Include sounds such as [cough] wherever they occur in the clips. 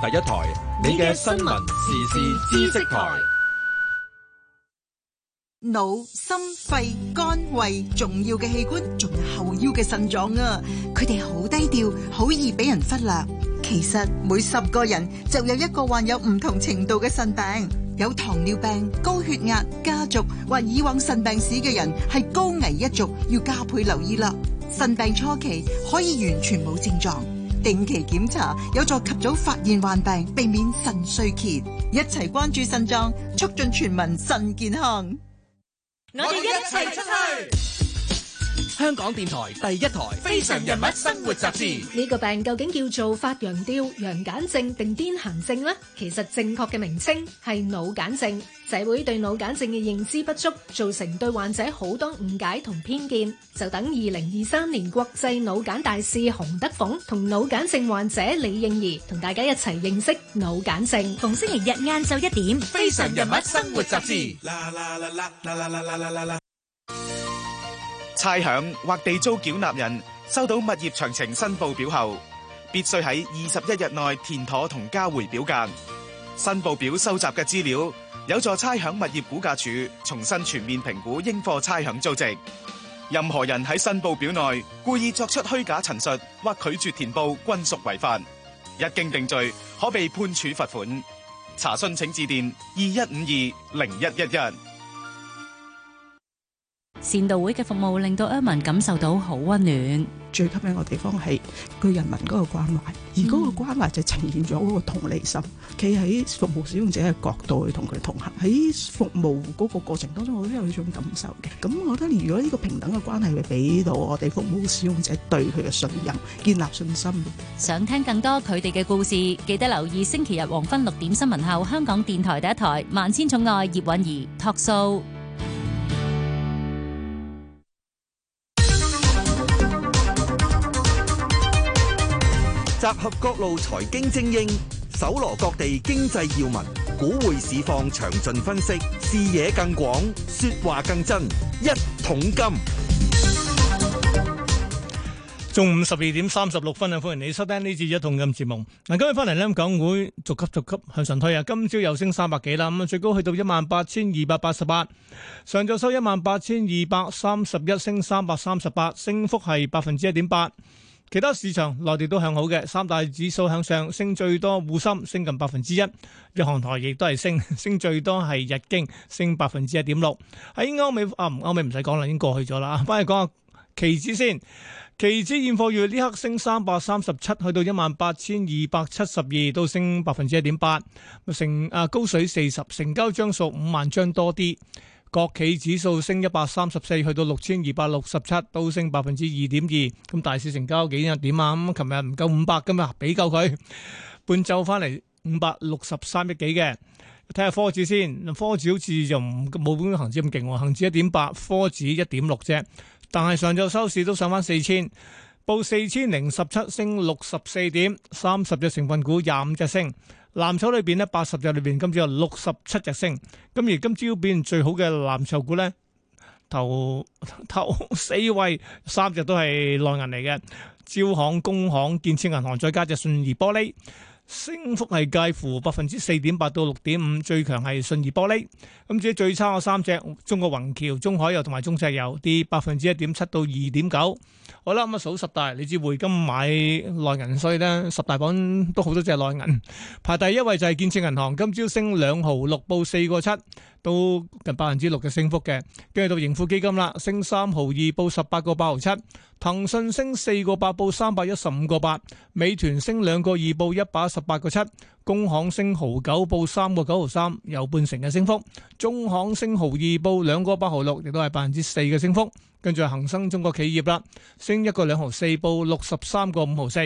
第一台，你嘅新聞時事知識台。腦、心、肺、肝、胃，重要嘅器官，仲有後腰嘅腎臟啊！佢哋好低調，好易俾人忽略。其實每十個人就有一個患有唔同程度嘅腎病。有糖尿病、高血壓、家族或以往腎病史嘅人係高危一族，要加倍留意啦。腎病初期可以完全冇症狀。定期檢查有助及早發現患病，避免腎衰竭。一齊關注腎臟，促進全民腎健康。我哋一齊出去。香港電台第一台《非常人物生活雜誌》呢個病究竟叫做發羊吊、羊癇症定癲癇症呢？其實正確嘅名稱係腦癇症。社會對腦癇症嘅認知不足，造成對患者好多誤解同偏見。就等二零二三年國際腦癇大使洪德鳳同腦癇症患者李應兒同大家一齊認識腦癇症。逢星期日晏晝一點，《非常人物生活雜誌》。差餉或地租繳納人收到物業詳情申報表後，必須喺二十一日內填妥同交回表格。申報表收集嘅資料有助差餉物業估價署重新全面評估應課差餉租值。任何人喺申報表內故意作出虛假陳述或拒絕填報，均屬違法。一經定罪，可被判處罰款。查詢請致電二一五二零一一一。善道會嘅服務令到阿文感受到好溫暖。最吸引我嘅地方係佢人民嗰個關懷，而嗰個關懷就呈現咗嗰個同理心。企喺服務使用者嘅角度去同佢同行，喺服務嗰個過程當中，我都有種感受嘅。咁我覺得，如果呢個平等嘅關係，會俾到我哋服務使用者對佢嘅信任、建立信心。想聽更多佢哋嘅故事，記得留意星期日黃昏六點新聞後，香港電台第一台《萬千寵愛》葉韻儀託數。集合各路財經精英，搜羅各地經濟要聞，股匯市況詳盡分析，視野更廣，說話更真。一桶金，中午十二點三十六分啊！歡迎你收聽呢次一桶金節目。嗱，今日翻嚟咧，港匯逐級逐級向上推啊！今朝又升三百幾啦，咁啊，最高去到一萬八千二百八十八，上晝收一萬八千二百三十一，升三百三十八，升幅係百分之一點八。其他市場內地都向好嘅，三大指數向上，升最多滬深升近百分之一，日韓台亦都係升，升最多係日經升百分之一點六。喺歐美啊，唔歐美唔使講啦，已經過去咗啦。翻嚟講下期指先，期指現貨月呢刻升三百三十七，去到一萬八千二百七十二，都升百分之一點八。成啊高水四十，成交張數五萬張多啲。國企指數升一百三十四，去到六千二百六十七，都升百分之二點二。咁大市成交幾多點啊？咁琴日唔夠五百噶嘛，今日俾夠佢。半晝翻嚟五百六十三億幾嘅。睇下科指先，科指好似就唔冇本港恒指咁勁，恒指一點八，科指一點六啫。但係上晝收市都上翻四千，報四千零十七，升六十四點，三十隻成分股廿五隻升。藍籌裏邊咧，八十隻裏邊今朝有六十七隻升，咁而今朝表現最好嘅藍籌股咧，頭頭，頭四位三隻都係內銀嚟嘅招行、工行、建設銀行，再加隻信義玻璃。升幅係介乎百分之四點八到六點五，最強係信義玻璃。咁至於最差嘅三隻，中國宏橋、中海油同埋中石油，跌百分之一點七到二點九。好啦，咁啊數十大，你知匯金買內銀，所以呢十大榜都好多隻內銀。排第一位就係建設銀行，今朝升兩毫六，報四個七。都近百分之六嘅升幅嘅，跟住到盈富基金啦，升三毫二，報十八個八毫七；騰訊升四個八，報三百一十五個八；美團升兩個二，報一百一十八個七；工行升毫九，報三個九毫三，有半成嘅升幅；中行升毫二，報兩個八毫六，亦都係百分之四嘅升幅。跟住恒生中國企業啦，升一個兩毫四，報六十三個五毫四；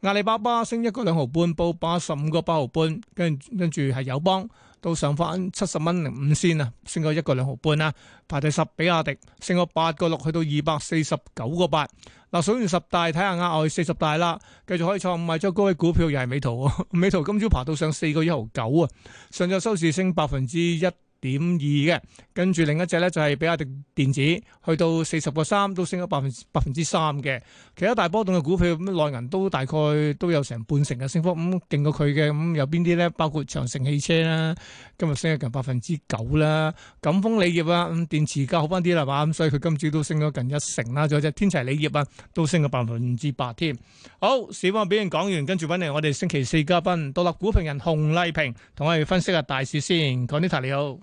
阿里巴巴升一個兩毫半，報八十五個八毫半。跟跟住係友邦。到上翻七十蚊零五仙啊，升咗一個兩毫半啦，排第十，比亞迪升咗八個六，去到二百四十九個八。嗱，數完十大睇下額外四十大啦，繼續可以創賣咗高位股票又係美圖 [laughs] 美圖今朝爬到上四個一毫九啊，上晝收市升百分之一。點二嘅，跟住另一隻咧就係比亞迪電子，去到四十個三，都升咗百分百分之三嘅。其他大波動嘅股票，內銀都大概都有成半成嘅升幅，咁勁過佢嘅，咁、嗯、有邊啲咧？包括長城汽車啦，今日升咗近百分之九啦，贛鋒鋰業啊，咁、嗯、電池價好翻啲啦嘛，咁所以佢今朝都升咗近一成啦。仲有隻天齊鋰業啊，都升咗百分之八添。好，市場表現講完，跟住揾嚟我哋星期四嘉賓獨立股評人熊麗萍，同我哋分析下大市先。講呢頭，你好。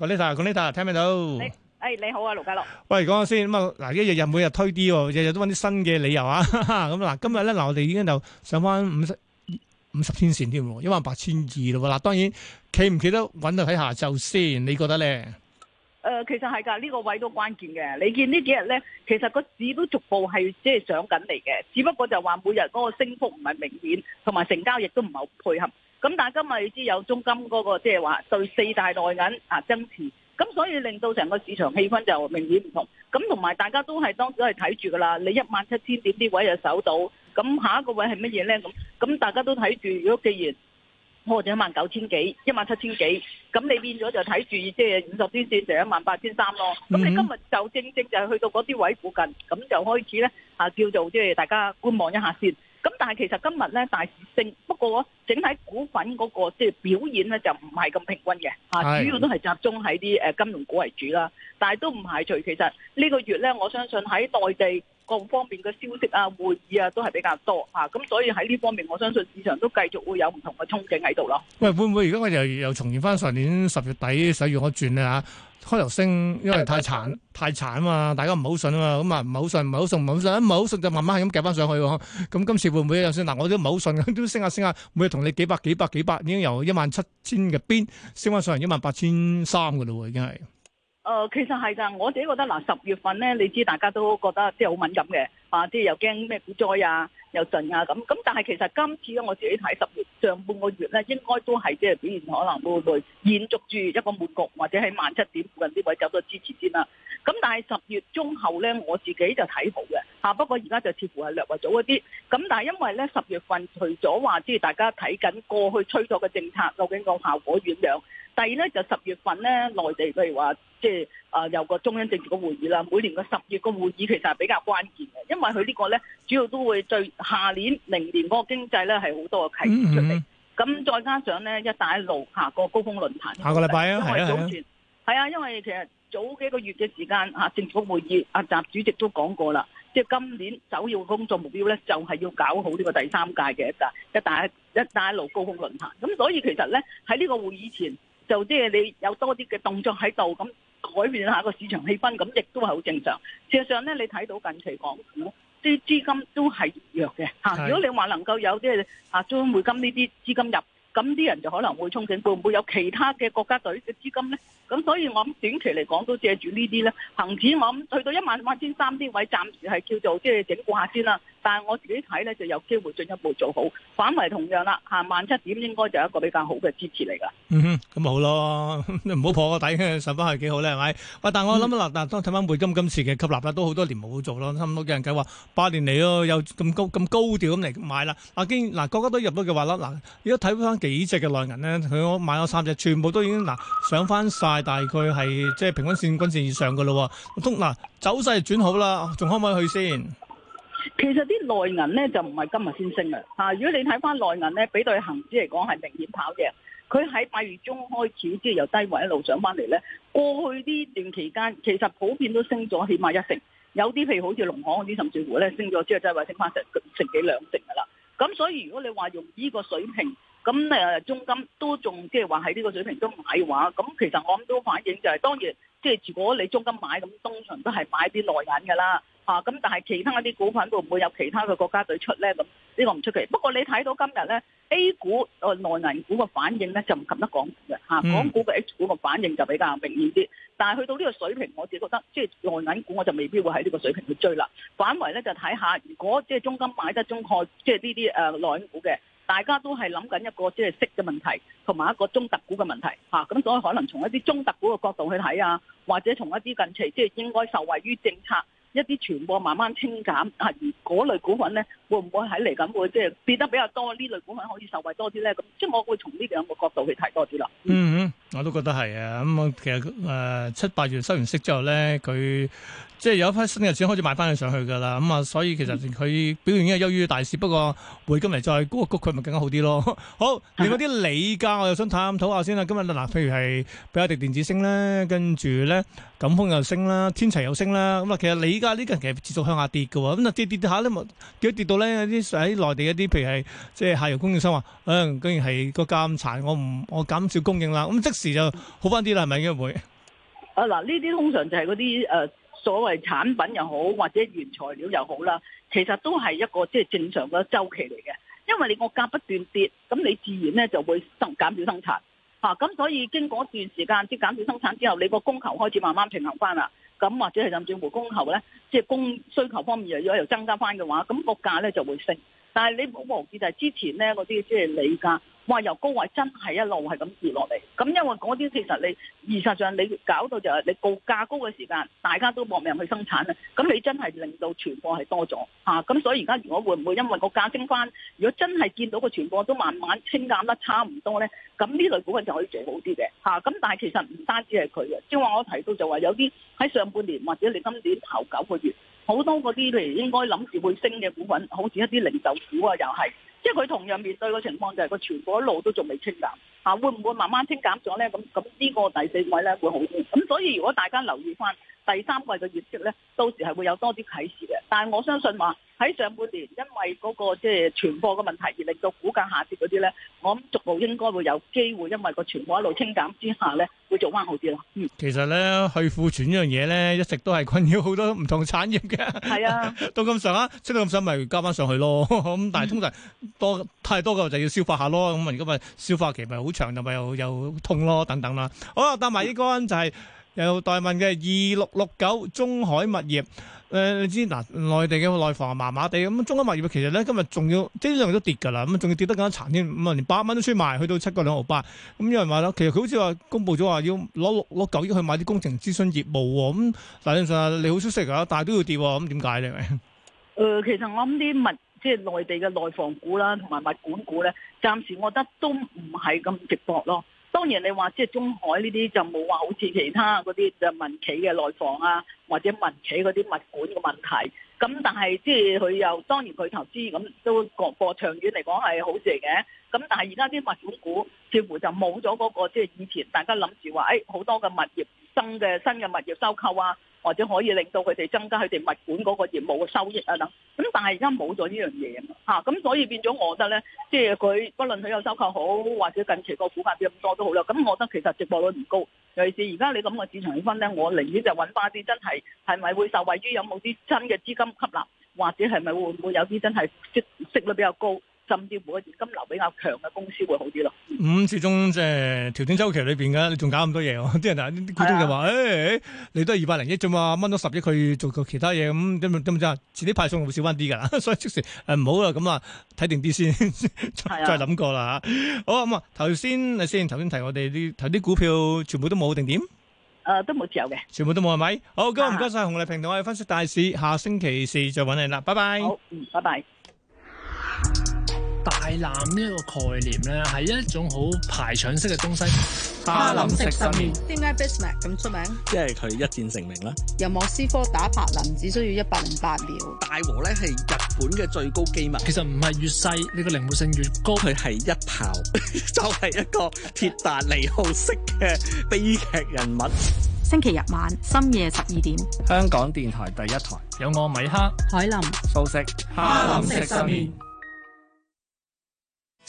講呢達，講呢達，聽唔聽到？你，誒，你好啊，盧家樂。喂，講下先，咁啊，嗱，一日日每日推啲，日日都揾啲新嘅理由啊，咁嗱，今日咧，嗱，我哋已經就上翻五十五十天線添，一萬八千二咯，嗱，當然企唔企得穩就睇下晝先，你覺得咧？誒，其實係噶，呢個位都關鍵嘅。你見呢幾日咧，其實個市都逐步係即係上緊嚟嘅，只不過就話每日嗰個升幅唔係明顯，同埋成交亦都唔係好配合。咁但係今日你知有中金嗰、那個即係話對四大內銀啊增持，咁所以令到成個市場氣氛就明顯唔同。咁同埋大家都係當時都係睇住噶啦，你一萬七千點啲位就守到，咁下一個位係乜嘢咧？咁咁大家都睇住，如果既然破咗一萬九千幾、一萬七千幾，咁、就是、你變咗就睇住即係五十天線成一萬八千三咯。咁你今日就正正就係去到嗰啲位附近，咁就開始咧啊，叫做即係、就是、大家觀望一下先。咁但係其實今日咧大市升，不過整體股份嗰個即係表現咧就唔係咁平均嘅，吓主要都係集中喺啲誒金融股為主啦。但係都唔排除，其實呢個月咧，我相信喺內地各方面嘅消息啊、會議啊都係比較多，吓咁所以喺呢方面，我相信市場都繼續會有唔同嘅憧憬喺度咯。喂，會唔會而家我又又重現翻上年十月底、十一月我轉咧吓？開頭升，因為太殘太殘啊嘛，大家唔好信啊嘛，咁啊唔好信唔好信唔好信，唔係好信就慢慢咁夾翻上去喎。咁、嗯、今次會唔會就算嗱，我都唔好信，都升下升下，每日同你幾百幾百幾百，已經由一萬七千嘅邊升翻上嚟一萬八千三噶啦喎，已經係。誒，其實係㗎，我自己覺得嗱，十月份咧，你知大家都覺得即係好敏感嘅，啊，即係又驚咩股災啊，又震啊咁。咁但係其實今次咧，我自己睇十月上半個月咧，應該都係即係表現可能會延續住一個悶局或者喺萬七點附近啲位找多支持先啦。咁但係十月中後咧，我自己就睇好嘅嚇。不過而家就似乎係略為早一啲。咁但係因為咧，十月份除咗話即係大家睇緊過去催咗嘅政策究竟個效果點樣？第二咧就十月份咧，內地譬如話，即係啊、呃、有個中央政治局會議啦。每年嘅十月嘅會議其實係比較關鍵嘅，因為佢呢個咧主要都會對下年明年嗰個經濟咧係好多嘅啟示出嚟。咁、嗯嗯、再加上咧一帶一路下個高峰論壇，下個禮拜啊，係啊，係啊，啊，因為其實早幾個月嘅時間嚇、啊、政府會議，阿、啊、習主席都講過啦，即係今年首要工作目標咧就係、是、要搞好呢個第三屆嘅一帶一帶一帶一路高峰論壇。咁所以其實咧喺呢個會議前，就即係你有多啲嘅動作喺度，咁改變下個市場氣氛，咁亦都係好正常。事實上咧，你睇到近期港股啲資金都係弱嘅嚇。啊、的如果你話能夠有即係啊中匯金呢啲資金入，咁啲人就可能會憧憬，會唔會有其他嘅國家隊嘅資金咧？咁所以我諗短期嚟講都借住呢啲咧，恆指我諗去到一萬五千三啲位，暫時係叫做即係、就是、整固下先啦。但係我自己睇咧，就有機會進一步做好。反為同樣啦，吓萬七點應該就有一個比較好嘅支持嚟噶、嗯。嗯哼，咁好咯，都唔好破個底上翻去幾好咧，係咪、嗯嗯嗯？啊，但係我諗啦，嗱，當睇翻匯金今次嘅吸納啦，都好多年冇做咯。差唔多有人講話八年嚟咯，有咁高咁高調咁嚟買啦。啊，經嗱，大家都入咗嘅話啦，嗱、啊，而家睇翻幾隻嘅內銀咧，佢、啊、我買咗三隻，全部都已經嗱、啊、上翻晒，大概係即係平均線、均線以上噶咯。通、啊、嗱，走勢轉好啦，仲、啊啊、可唔可以去先？其實啲內銀咧就唔係今日先升嘅。嚇、啊！如果你睇翻內銀咧，比對恒指嚟講係明顯跑贏。佢喺八月中開始之後由低位一路上翻嚟咧，過去呢段期間其實普遍都升咗，起碼一成。有啲譬如好似農行嗰啲，甚至乎咧升咗之後，即係話升翻成成幾兩成噶啦。咁所以如果你話用呢個水平咁誒，中金都仲即係話喺呢個水平都唔買嘅話，咁其實我諗都反映就係、是、當然，即係如果你中金買咁，通常都係買啲內銀噶啦。啊，咁但係其他一啲股份會唔會有其他嘅國家隊出咧？咁呢個唔出奇。不過你睇到今日咧，A 股誒內銀股嘅反應咧就唔及得港股嘅吓，港股嘅 H 股嘅反應就比較明顯啲。但係去到呢個水平，我自己覺得即係內銀股我就未必會喺呢個水平去追啦。反為咧就睇下，如果即係中金買得中概，即係呢啲誒內銀股嘅，大家都係諗緊一個即係息嘅問題，同埋一個中特股嘅問題吓。咁、啊、所以可能從一啲中特股嘅角度去睇啊，或者從一啲近期即係應該受惠於政策。一啲全部慢慢清減，啊，而嗰類股份咧，會唔會喺嚟緊會即係跌得比較多？呢類股份可以受惠多啲咧？咁即係我會從呢兩個角度去睇多啲啦，嗯。嗯哼，我都覺得係啊。咁、嗯、我其實誒、呃、七八月收完息之後咧，佢。即係有一批新嘅錢開始買翻佢上去㗎啦，咁、嗯、啊，所以其實佢表現仍然係優於大市。不過匯金嚟再谷一谷佢，咪更加好啲咯。好，連嗰啲鋰價，我又想探討下先啦。今日嗱，譬如係比亞迪電子升咧，跟住咧，贛鋒又升啦，天齊又升啦。咁啊，其實鋰價呢個其實持續向下跌嘅喎。咁啊，跌下跌下咧，咪叫跌到咧？有啲喺內地嘅啲，譬如係即係下游供應商話，誒、嗯，居然係個價咁殘，我唔我減少供應啦。咁即時就好翻啲啦，係咪應該會？啊嗱，呢啲通常就係嗰啲誒。呃呃所謂產品又好，或者原材料又好啦，其實都係一個即係正常嘅周期嚟嘅。因為你個價不斷跌，咁你自然咧就會減減少生產嚇。咁、啊、所以經過一段時間即係減少生產之後，你個供求開始慢慢平衡翻啦。咁或者係甚至乎供求咧，即、就、係、是、供需求方面又有增加翻嘅話，咁、那個價咧就會升。但係你冇忘記就係之前咧嗰啲即係你價，哇由高位真係一路係咁跌落嚟。咁因為嗰啲其實你，事實上你搞到就係你告價高嘅時間，大家都搏命去生產啦。咁你真係令到存貨係多咗嚇。咁、啊、所以而家如果會唔會因為個價升翻，如果真係見到個存貨都慢慢清減得差唔多咧，咁呢類股份就可以做好啲嘅嚇。咁、啊、但係其實唔單止係佢嘅，即係我提到就話有啲喺上半年或者你今年頭九個月。好多嗰啲譬如應該諗住會升嘅股份，好似一啲零售股啊，又係，即係佢同樣面對嘅情況就係個全部一路都仲未清減，嚇、啊，會唔會慢慢清減咗咧？咁咁呢個第四位咧會好啲，咁所以如果大家留意翻。第三季嘅業績咧，到時係會有多啲啟示嘅。但係我相信話喺上半年，因為嗰、那個即係存貨嘅問題而令到股價下跌嗰啲咧，我諗逐步應該會有機會，因為個存貨一路清減之下咧，會做翻好啲咯。嗯，其實咧，去庫存呢樣嘢咧，一直都係困擾好多唔同產業嘅。係 [laughs] 啊，都咁上啊，出到咁上咪加翻上去咯。咁 [laughs] 但係通常多太多嘅就要消化下咯。咁如果咪消化期咪好長，又咪又又痛咯，等等啦。好，搭埋呢桿就係、是。 [laughs] [laughs] 又代問嘅二六六九中海物業，誒、呃，你知嗱，呃，內地嘅內房麻麻地咁，中海物業其實咧今日仲要，即係都跌噶啦，咁，嗯、仲要跌得更加殘添，咁，嗯、啊，連八蚊都出賣，去到七個兩毫八，咁有人話咯，其實佢好似話公布咗話要攞六攞九億去買啲工程諮詢業務喎，咁，嗯，理論上你好消息啊，但係都要跌，咁點解咧？誒、呃，其實我諗啲物即係內地嘅內房股啦，同埋物管股咧，暫時我覺得都唔係咁直博咯。當然你話即係中海呢啲就冇話好似其他嗰啲就民企嘅內房啊，或者民企嗰啲物管嘅問題，咁但係即係佢又當然佢投資咁都過過長遠嚟講係好事嚟嘅。咁但係而家啲物管股似乎就冇咗嗰個即係以前大家諗住話，誒、哎、好多嘅物業新嘅新嘅物業收購啊。或者可以令到佢哋增加佢哋物管嗰個業務嘅收益啊等，咁但係而家冇咗呢樣嘢啊，咁所以變咗我覺得咧，即係佢，不論佢有收購好，或者近期個股價跌咁多都好啦，咁我覺得其實值博率唔高。尤其是而家你咁嘅市場氣氛咧，我寧願就揾翻啲真係，係咪會受惠於有冇啲新嘅資金吸納，或者係咪會唔會有啲真係息息率比較高。甚至乎金流比較強嘅公司會好啲咯。咁始終即係調整週期裏邊嘅，你仲搞咁多嘢、啊？啲人啲股東就話：，誒、啊欸，你都係二百零億啫嘛，掹多十億去做其他嘢，咁點點唔得？遲啲派送會少翻啲㗎啦。所以即時誒唔、呃、好啦，咁啊睇定啲先， [laughs] 再諗、啊、過啦嚇。好咁啊，頭、嗯、先啊先頭先提我哋啲頭啲股票全部都冇定點？誒、呃，都冇自由嘅，全部都冇係咪？好，咁唔該晒熊麗萍同我哋分析大市，下星期四再揾你啦，拜拜。嗯、拜拜。大艦呢一個概念咧，係一種好排場式嘅東西。哈林式失眠。點解 Bismarck 咁出名？因為佢一戰成名啦。由莫斯科打柏林只需要一百零八秒。大和咧係日本嘅最高機密。其實唔係越細你個靈活性越高，佢係一炮 [laughs] 就係一個鐵達尼號式嘅悲劇人物。星期日晚深夜十二點，香港電台第一台，有我米克、海林、素食、哈林式失眠。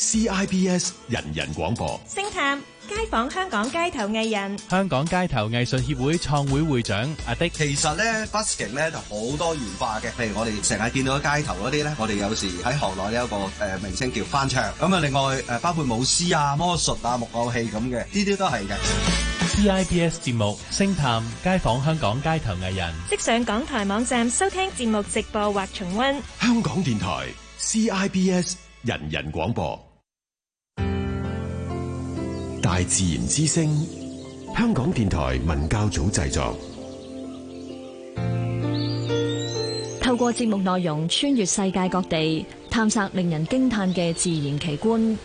CIBS 人人廣播，星探街訪香港街頭藝人，香港街頭藝術協會創會會長阿迪。其實咧，busking 咧就好多元化嘅，譬如我哋成日見到街頭嗰啲咧，我哋有時喺行內有一個誒名稱叫翻唱，咁啊，另外誒包括舞獅啊、魔術啊、木偶戲咁嘅，呢啲都係嘅。CIBS 節目《星探街訪香港街頭藝人》，即上港台網站收聽節目直播或重温。香港電台 CIBS 人人廣播。大自然之聲，香港電台文教組製作。透過節目內容，穿越世界各地，探索令人驚嘆嘅自然奇觀，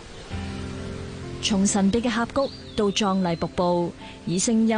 從神秘嘅峽谷到壯麗瀑布，以聲音。